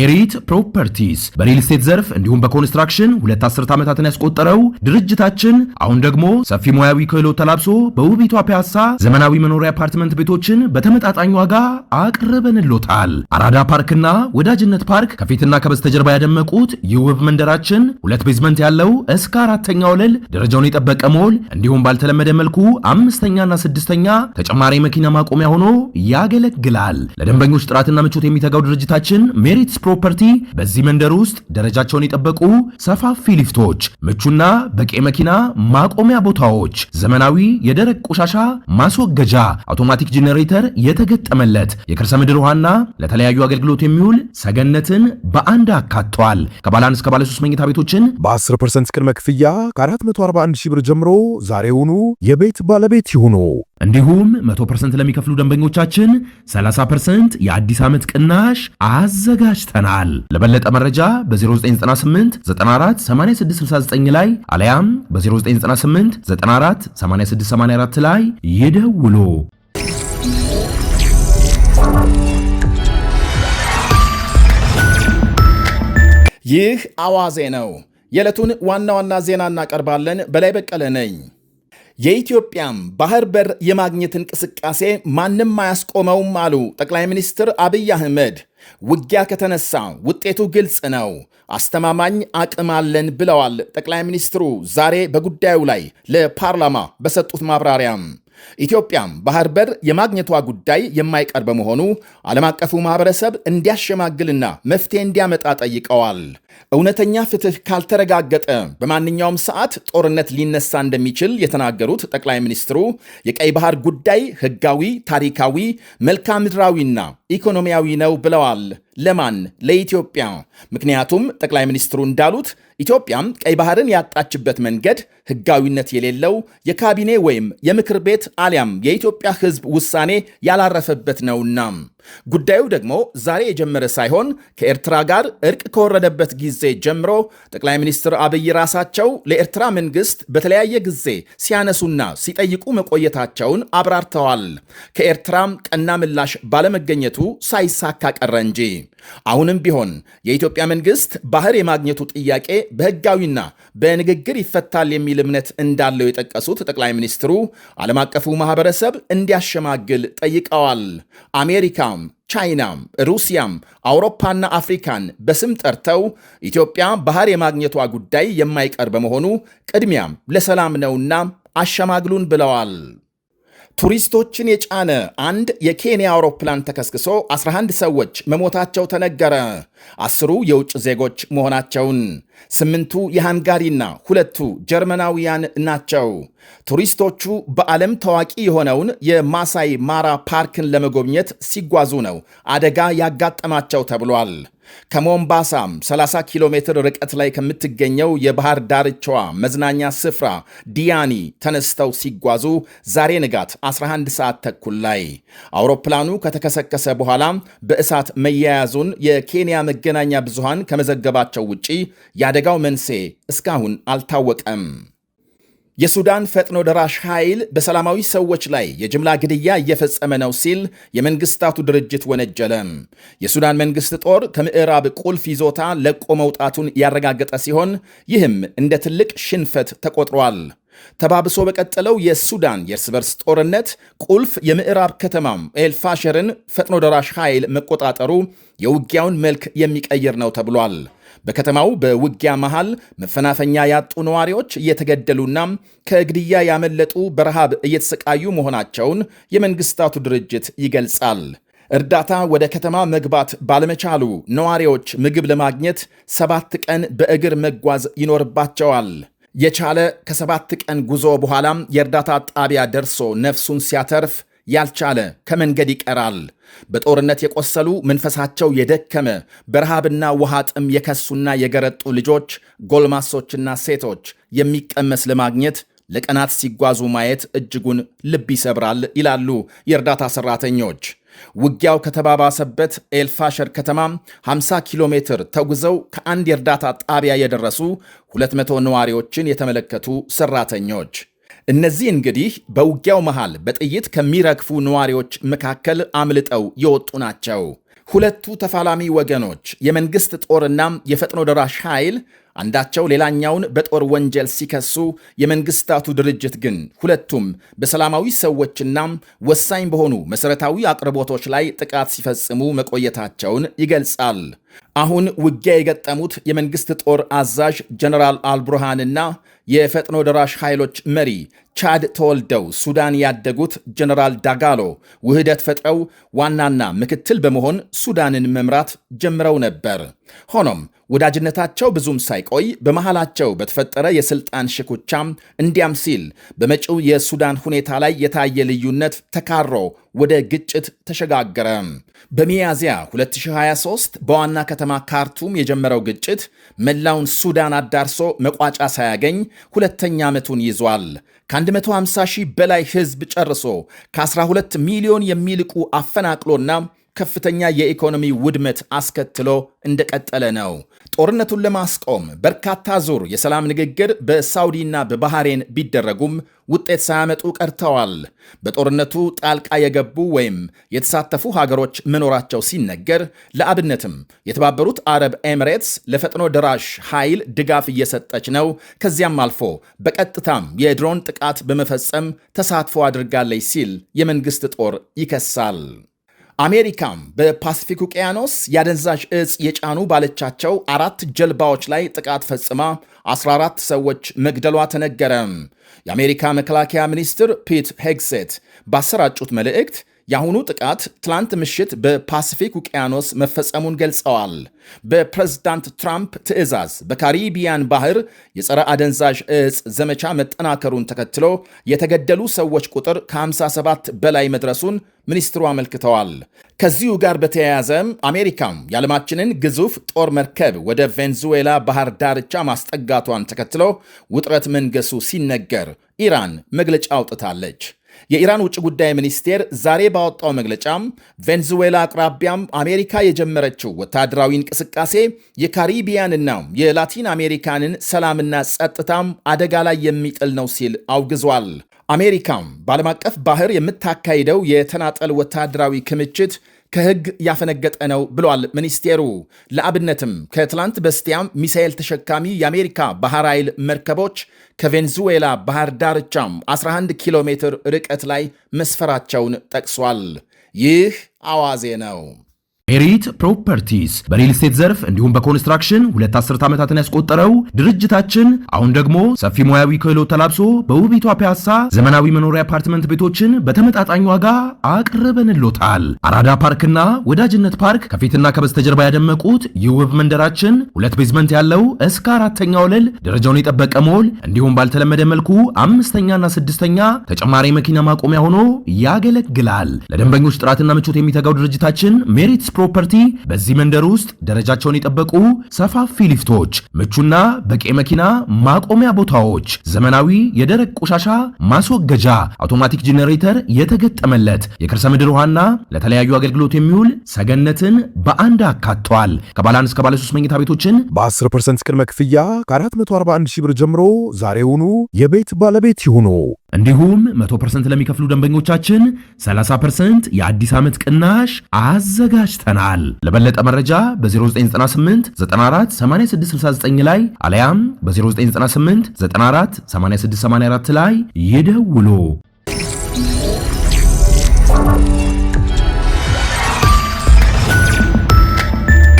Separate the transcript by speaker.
Speaker 1: ሜሪት ፕሮፐርቲስ በሪል ስቴት ዘርፍ እንዲሁም በኮንስትራክሽን ሁለት አስርት ዓመታትን ያስቆጠረው ድርጅታችን አሁን ደግሞ ሰፊ ሙያዊ ክህሎት ተላብሶ በውቢቷ ፒያሳ ዘመናዊ መኖሪያ አፓርትመንት ቤቶችን በተመጣጣኝ ዋጋ አቅርበንሎታል። አራዳ ፓርክና ወዳጅነት ፓርክ ከፊትና ከበስተጀርባ ያደመቁት የውብ መንደራችን ሁለት ቤዝመንት ያለው እስከ አራተኛ ወለል ደረጃውን የጠበቀ ሞል እንዲሁም ባልተለመደ መልኩ አምስተኛና ስድስተኛ ተጨማሪ መኪና ማቆሚያ ሆኖ ያገለግላል። ለደንበኞች ጥራትና ምቾት የሚተጋው ድርጅታችን ሜሪት ፕሮፐርቲ በዚህ መንደር ውስጥ ደረጃቸውን የጠበቁ ሰፋፊ ሊፍቶች፣ ምቹና በቂ መኪና ማቆሚያ ቦታዎች፣ ዘመናዊ የደረቅ ቆሻሻ ማስወገጃ፣ አውቶማቲክ ጄኔሬተር የተገጠመለት የከርሰ ምድር ውሃና ለተለያዩ አገልግሎት የሚውል ሰገነትን በአንድ አካቷል። ከባለ እስከ ባለሶስት መኝታ ቤቶችን
Speaker 2: በ10 ፐርሰንት ቅድመ ክፍያ ከ441 ሺህ ብር ጀምሮ ዛሬውኑ የቤት ባለቤት ይሁኑ።
Speaker 1: እንዲሁም 100% ለሚከፍሉ ደንበኞቻችን 30% የአዲስ ዓመት ቅናሽ አዘጋጅተናል። ለበለጠ መረጃ በ0998 94 8669 ላይ አለያም በ0998 94 8684 ላይ ይደውሉ።
Speaker 3: ይህ አዋዜ ነው። የዕለቱን ዋና ዋና ዜና እናቀርባለን። በላይ በቀለ ነኝ። የኢትዮጵያም ባህር በር የማግኘት እንቅስቃሴ ማንም አያስቆመውም አሉ ጠቅላይ ሚኒስትር አብይ አህመድ። ውጊያ ከተነሳ ውጤቱ ግልጽ ነው፣ አስተማማኝ አቅም አለን ብለዋል ጠቅላይ ሚኒስትሩ ዛሬ በጉዳዩ ላይ ለፓርላማ በሰጡት ማብራሪያም ኢትዮጵያም ባህር በር የማግኘቷ ጉዳይ የማይቀር በመሆኑ ዓለም አቀፉ ማህበረሰብ እንዲያሸማግልና መፍትሄ እንዲያመጣ ጠይቀዋል። እውነተኛ ፍትህ ካልተረጋገጠ በማንኛውም ሰዓት ጦርነት ሊነሳ እንደሚችል የተናገሩት ጠቅላይ ሚኒስትሩ የቀይ ባህር ጉዳይ ህጋዊ፣ ታሪካዊ፣ መልክዓ ምድራዊና ኢኮኖሚያዊ ነው ብለዋል። ለማን? ለኢትዮጵያ። ምክንያቱም ጠቅላይ ሚኒስትሩ እንዳሉት ኢትዮጵያም ቀይ ባህርን ያጣችበት መንገድ ሕጋዊነት የሌለው የካቢኔ ወይም የምክር ቤት አሊያም የኢትዮጵያ ሕዝብ ውሳኔ ያላረፈበት ነውና ጉዳዩ ደግሞ ዛሬ የጀመረ ሳይሆን ከኤርትራ ጋር እርቅ ከወረደበት ጊዜ ጀምሮ ጠቅላይ ሚኒስትር አብይ ራሳቸው ለኤርትራ መንግስት በተለያየ ጊዜ ሲያነሱና ሲጠይቁ መቆየታቸውን አብራርተዋል። ከኤርትራም ቀና ምላሽ ባለመገኘቱ ሳይሳካ ቀረ እንጂ አሁንም ቢሆን የኢትዮጵያ መንግስት ባህር የማግኘቱ ጥያቄ በህጋዊና በንግግር ይፈታል የሚል እምነት እንዳለው የጠቀሱት ጠቅላይ ሚኒስትሩ ዓለም አቀፉ ማህበረሰብ እንዲያሸማግል ጠይቀዋል። አሜሪካም ቻይናም ሩሲያም አውሮፓና አፍሪካን በስም ጠርተው ኢትዮጵያ ባህር የማግኘቷ ጉዳይ የማይቀር በመሆኑ ቅድሚያም ለሰላም ነውና አሸማግሉን ብለዋል። ቱሪስቶችን የጫነ አንድ የኬንያ አውሮፕላን ተከስክሶ 11 ሰዎች መሞታቸው ተነገረ። አስሩ የውጭ ዜጎች መሆናቸውን፣ ስምንቱ የሃንጋሪና ሁለቱ ጀርመናውያን ናቸው። ቱሪስቶቹ በዓለም ታዋቂ የሆነውን የማሳይ ማራ ፓርክን ለመጎብኘት ሲጓዙ ነው አደጋ ያጋጠማቸው ተብሏል። ከሞምባሳም 30 ኪሎ ሜትር ርቀት ላይ ከምትገኘው የባህር ዳርቻዋ መዝናኛ ስፍራ ዲያኒ ተነስተው ሲጓዙ ዛሬ ንጋት 11 ሰዓት ተኩል ላይ አውሮፕላኑ ከተከሰከሰ በኋላ በእሳት መያያዙን የኬንያ መገናኛ ብዙሃን ከመዘገባቸው ውጪ የአደጋው መንስኤ እስካሁን አልታወቀም። የሱዳን ፈጥኖ ደራሽ ኃይል በሰላማዊ ሰዎች ላይ የጅምላ ግድያ እየፈጸመ ነው ሲል የመንግስታቱ ድርጅት ወነጀለም። የሱዳን መንግስት ጦር ከምዕራብ ቁልፍ ይዞታ ለቆ መውጣቱን ያረጋገጠ ሲሆን ይህም እንደ ትልቅ ሽንፈት ተቆጥሯል። ተባብሶ በቀጠለው የሱዳን የእርስ በርስ ጦርነት ቁልፍ የምዕራብ ከተማም ኤልፋሸርን ፈጥኖ ደራሽ ኃይል መቆጣጠሩ የውጊያውን መልክ የሚቀይር ነው ተብሏል። በከተማው በውጊያ መሃል መፈናፈኛ ያጡ ነዋሪዎች እየተገደሉና ከግድያ ያመለጡ በረሃብ እየተሰቃዩ መሆናቸውን የመንግስታቱ ድርጅት ይገልጻል። እርዳታ ወደ ከተማ መግባት ባለመቻሉ ነዋሪዎች ምግብ ለማግኘት ሰባት ቀን በእግር መጓዝ ይኖርባቸዋል። የቻለ ከሰባት ቀን ጉዞ በኋላም የእርዳታ ጣቢያ ደርሶ ነፍሱን ሲያተርፍ ያልቻለ ከመንገድ ይቀራል። በጦርነት የቆሰሉ መንፈሳቸው የደከመ በረሃብና ውሃ ጥም የከሱና የገረጡ ልጆች፣ ጎልማሶችና ሴቶች የሚቀመስ ለማግኘት ለቀናት ሲጓዙ ማየት እጅጉን ልብ ይሰብራል ይላሉ የእርዳታ ሰራተኞች። ውጊያው ከተባባሰበት ኤልፋሸር ከተማ 50 ኪሎ ሜትር ተጉዘው ከአንድ የእርዳታ ጣቢያ የደረሱ 200 ነዋሪዎችን የተመለከቱ ሰራተኞች። እነዚህ እንግዲህ በውጊያው መሃል በጥይት ከሚረግፉ ነዋሪዎች መካከል አምልጠው የወጡ ናቸው። ሁለቱ ተፋላሚ ወገኖች የመንግሥት ጦርና የፈጥኖ ደራሽ ኃይል አንዳቸው ሌላኛውን በጦር ወንጀል ሲከሱ፣ የመንግስታቱ ድርጅት ግን ሁለቱም በሰላማዊ ሰዎችና ወሳኝ በሆኑ መሠረታዊ አቅርቦቶች ላይ ጥቃት ሲፈጽሙ መቆየታቸውን ይገልጻል። አሁን ውጊያ የገጠሙት የመንግስት ጦር አዛዥ ጀነራል አልቡርሃንና የፈጥኖ ደራሽ ኃይሎች መሪ ቻድ ተወልደው ሱዳን ያደጉት ጀነራል ዳጋሎ ውህደት ፈጥረው ዋናና ምክትል በመሆን ሱዳንን መምራት ጀምረው ነበር። ሆኖም ወዳጅነታቸው ብዙም ሳይቆይ በመሃላቸው በተፈጠረ የስልጣን ሽኩቻም እንዲያም ሲል በመጪው የሱዳን ሁኔታ ላይ የታየ ልዩነት ተካሮ ወደ ግጭት ተሸጋገረ። በሚያዝያ 2023 በዋና ከተማ ካርቱም የጀመረው ግጭት መላውን ሱዳን አዳርሶ መቋጫ ሳያገኝ ሁለተኛ ዓመቱን ይዟል። ከ150 ሺህ በላይ ሕዝብ ጨርሶ ከ12 ሚሊዮን የሚልቁ አፈናቅሎና ከፍተኛ የኢኮኖሚ ውድመት አስከትሎ እንደቀጠለ ነው። ጦርነቱን ለማስቆም በርካታ ዙር የሰላም ንግግር በሳውዲና በባህሬን ቢደረጉም ውጤት ሳያመጡ ቀርተዋል። በጦርነቱ ጣልቃ የገቡ ወይም የተሳተፉ ሀገሮች መኖራቸው ሲነገር፣ ለአብነትም የተባበሩት አረብ ኤሚሬትስ ለፈጥኖ ደራሽ ኃይል ድጋፍ እየሰጠች ነው፣ ከዚያም አልፎ በቀጥታም የድሮን ጥቃት በመፈጸም ተሳትፎ አድርጋለች ሲል የመንግስት ጦር ይከሳል። አሜሪካም በፓሲፊክ ውቅያኖስ የአደንዛዥ እጽ የጫኑ ባለቻቸው አራት ጀልባዎች ላይ ጥቃት ፈጽማ 14 ሰዎች መግደሏ ተነገረ። የአሜሪካ መከላከያ ሚኒስትር ፒት ሄግሴት ባሰራጩት መልእክት የአሁኑ ጥቃት ትላንት ምሽት በፓሲፊክ ውቅያኖስ መፈጸሙን ገልጸዋል። በፕሬዝዳንት ትራምፕ ትዕዛዝ በካሪቢያን ባህር የጸረ አደንዛዥ እጽ ዘመቻ መጠናከሩን ተከትሎ የተገደሉ ሰዎች ቁጥር ከ57 በላይ መድረሱን ሚኒስትሩ አመልክተዋል። ከዚሁ ጋር በተያያዘም አሜሪካም የዓለማችንን ግዙፍ ጦር መርከብ ወደ ቬንዙዌላ ባህር ዳርቻ ማስጠጋቷን ተከትሎ ውጥረት መንገሱ ሲነገር ኢራን መግለጫ አውጥታለች። የኢራን ውጭ ጉዳይ ሚኒስቴር ዛሬ ባወጣው መግለጫ ቬንዙዌላ አቅራቢያም አሜሪካ የጀመረችው ወታደራዊ እንቅስቃሴ የካሪቢያንና የላቲን አሜሪካንን ሰላምና ጸጥታም አደጋ ላይ የሚጥል ነው ሲል አውግዟል። አሜሪካም በዓለም አቀፍ ባህር የምታካሂደው የተናጠል ወታደራዊ ክምችት ከህግ ያፈነገጠ ነው ብለዋል ሚኒስቴሩ። ለአብነትም ከትላንት በስቲያም ሚሳኤል ተሸካሚ የአሜሪካ ባህር ኃይል መርከቦች ከቬንዙዌላ ባህር ዳርቻም 11 ኪሎ ሜትር ርቀት ላይ መስፈራቸውን ጠቅሷል። ይህ አዋዜ ነው።
Speaker 1: ሜሪት ፕሮፐርቲስ በሪል ስቴት ዘርፍ እንዲሁም በኮንስትራክሽን ሁለት አስርት ዓመታትን ያስቆጠረው ድርጅታችን አሁን ደግሞ ሰፊ ሙያዊ ክህሎት ተላብሶ በውቢቷ ፒያሳ ዘመናዊ መኖሪያ አፓርትመንት ቤቶችን በተመጣጣኝ ዋጋ አቅርበንሎታል። አራዳ ፓርክና ወዳጅነት ፓርክ ከፊትና ከበስተጀርባ ያደመቁት የውብ መንደራችን ሁለት ቤዝመንት ያለው እስከ አራተኛ ወለል ደረጃውን የጠበቀ ሞል እንዲሁም ባልተለመደ መልኩ አምስተኛና ስድስተኛ ተጨማሪ መኪና ማቆሚያ ሆኖ ያገለግላል። ለደንበኞች ጥራትና ምቾት የሚተጋው ድርጅታችን ሜሪትስ ፕሮፐርቲ በዚህ መንደር ውስጥ ደረጃቸውን የጠበቁ ሰፋፊ ሊፍቶች፣ ምቹና በቂ መኪና ማቆሚያ ቦታዎች፣ ዘመናዊ የደረቅ ቆሻሻ ማስወገጃ፣ አውቶማቲክ ጄኔሬተር የተገጠመለት የከርሰ ምድር ውሃና ለተለያዩ አገልግሎት የሚውል ሰገነትን በአንድ አካቷል። ከባለ አንድ እስከ ባለ ሶስት መኝታ ቤቶችን
Speaker 2: በ10 ፐርሰንት ቅድመ ክፍያ ከ441 ሺህ ብር ጀምሮ ዛሬውኑ የቤት ባለቤት ይሁኑ።
Speaker 1: እንዲሁም 100% ለሚከፍሉ ደንበኞቻችን 30% የአዲስ ዓመት ቅናሽ አዘጋጅተናል። ለበለጠ መረጃ በ0998 94 8669 ላይ አለያም በ0998 94 8684 ላይ ይደውሉ።